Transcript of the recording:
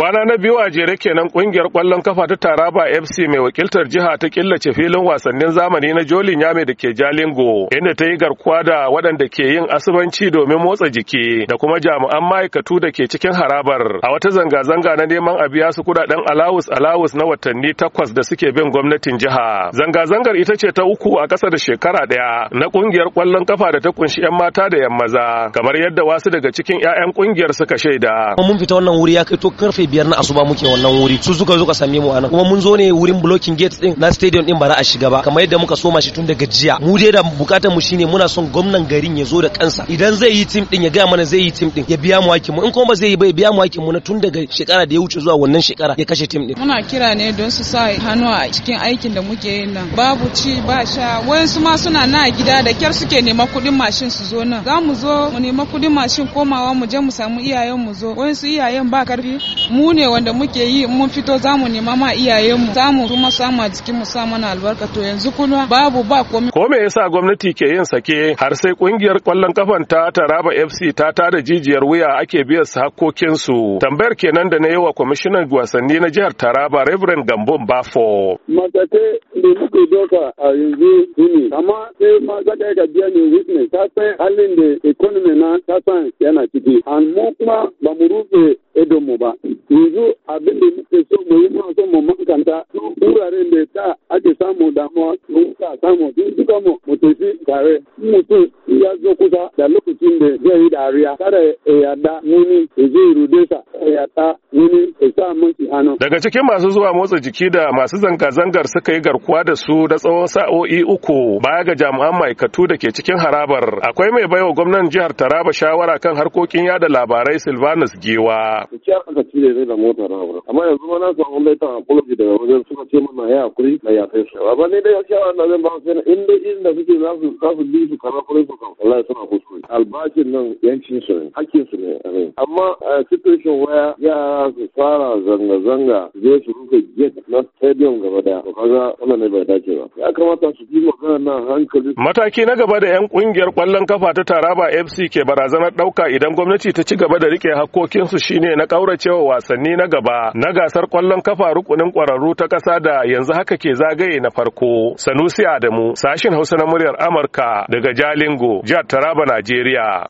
kwana na biyu a jere kenan kungiyar kwallon kafa ta taraba fc mai wakiltar jiha ta killace filin wasannin zamani na jolin yame da ke jalingo inda ta yi garkuwa da waɗanda ke yin asubanci domin motsa jiki da kuma jami'an ma'aikatu da ke cikin harabar a wata zanga-zanga na neman a biya su kudaden alawus alawus na watanni takwas da suke bin gwamnatin jiha zanga-zangar ita ce ta uku a ƙasa da shekara ɗaya na kungiyar kwallon kafa da ta kunshi 'yan mata da 'yan maza kamar yadda wasu daga cikin 'ya'yan kungiyar suka shaida mun fita wannan wuri biyar na asuba muke wannan wuri su suka zo ka same mu anan kuma mun zo ne wurin blocking gate din na stadium din ba za a shiga ba kamar yadda muka soma shi tun daga jiya mu dai da bukatar mu shine muna son gwamnan garin ya zo da kansa idan zai yi team din ya ga mana zai yi team din ya biya mu hakkin mu in kuma ba zai yi ba ya biya mu hakkin mu na tun daga shekara da ya wuce zuwa wannan shekara ya kashe team din muna kira ne don su sa hannu a cikin aikin da muke yin nan babu ci ba sha wayansu ma suna na gida da kyar suke nema kudin mashin su zo nan za mu zo mu nema kudin mashin komawa mu je mu samu iyayen mu zo wayansu iyayen ba karfi mu ne wanda muke yi mun fito zamu mu nema ma iyayenmu za mu kuma samu a jikin mu sa mana albarka to yanzu kuma babu ba komai ko me yasa gwamnati ke yin sake har sai kungiyar kwallon kafan ta Taraba FC ta tada jijiyar wuya ake biyan su hakkokin su tambayar kenan da na yi wa kwamishinan wasanni na jihar Taraba Reverend Gambon Bafo matsate da muke doka a yanzu shine amma sai ma za ka biya ne witness ta halin da economy na ta yana ciki mu kuma ba mu rufe idon mu ba yanzu abin da muke so mu yi muna so mu mankanta wuraren da ta ake samu mun sa samu sun duka mu mu tafi tare mutum ya zo kusa da lokacin da zai yi dariya kada ya yada wani ya je rude sa ya yarda wani ya sa miki hannu. Daga cikin masu zuwa motsa jiki da masu zanga-zangar suka yi garkuwa da su da tsawon sa'o'i uku baya ga jami'an ma'aikatu da ke cikin harabar akwai mai baiwa gwamnan jihar Taraba shawara kan harkokin yada labarai Silvanus Giwa. Gaskiya aka cire ne da motar amma yanzu ma na samu laitan apology daga wajen suka ce mana ya hakuri na ya kai shawa ba ne Allah zan ba su in inda suke za su za su bi su kaza kurai ko kan wallahi suna kuskure albashin nan yancin su ne hakkin su ne amma situation waya yara su fara zanga zanga je su rufe gate na stadium gaba daya to kaga wannan ne bai dace ba ya kamata su bi magana nan hankali mataki na gaba da yan kungiyar kwallon kafa ta Taraba FC ke barazanar dauka idan gwamnati ta ci gaba da rike hakkokin su shine na kauracewa wasanni na gaba na gasar kwallon kafa rukunin kwararru ta kasa da yanzu haka ke zagaye na farko Sanusi Adamu, sashin Hausa na muryar Amurka daga Jalingo, jihar Taraba, Najeriya.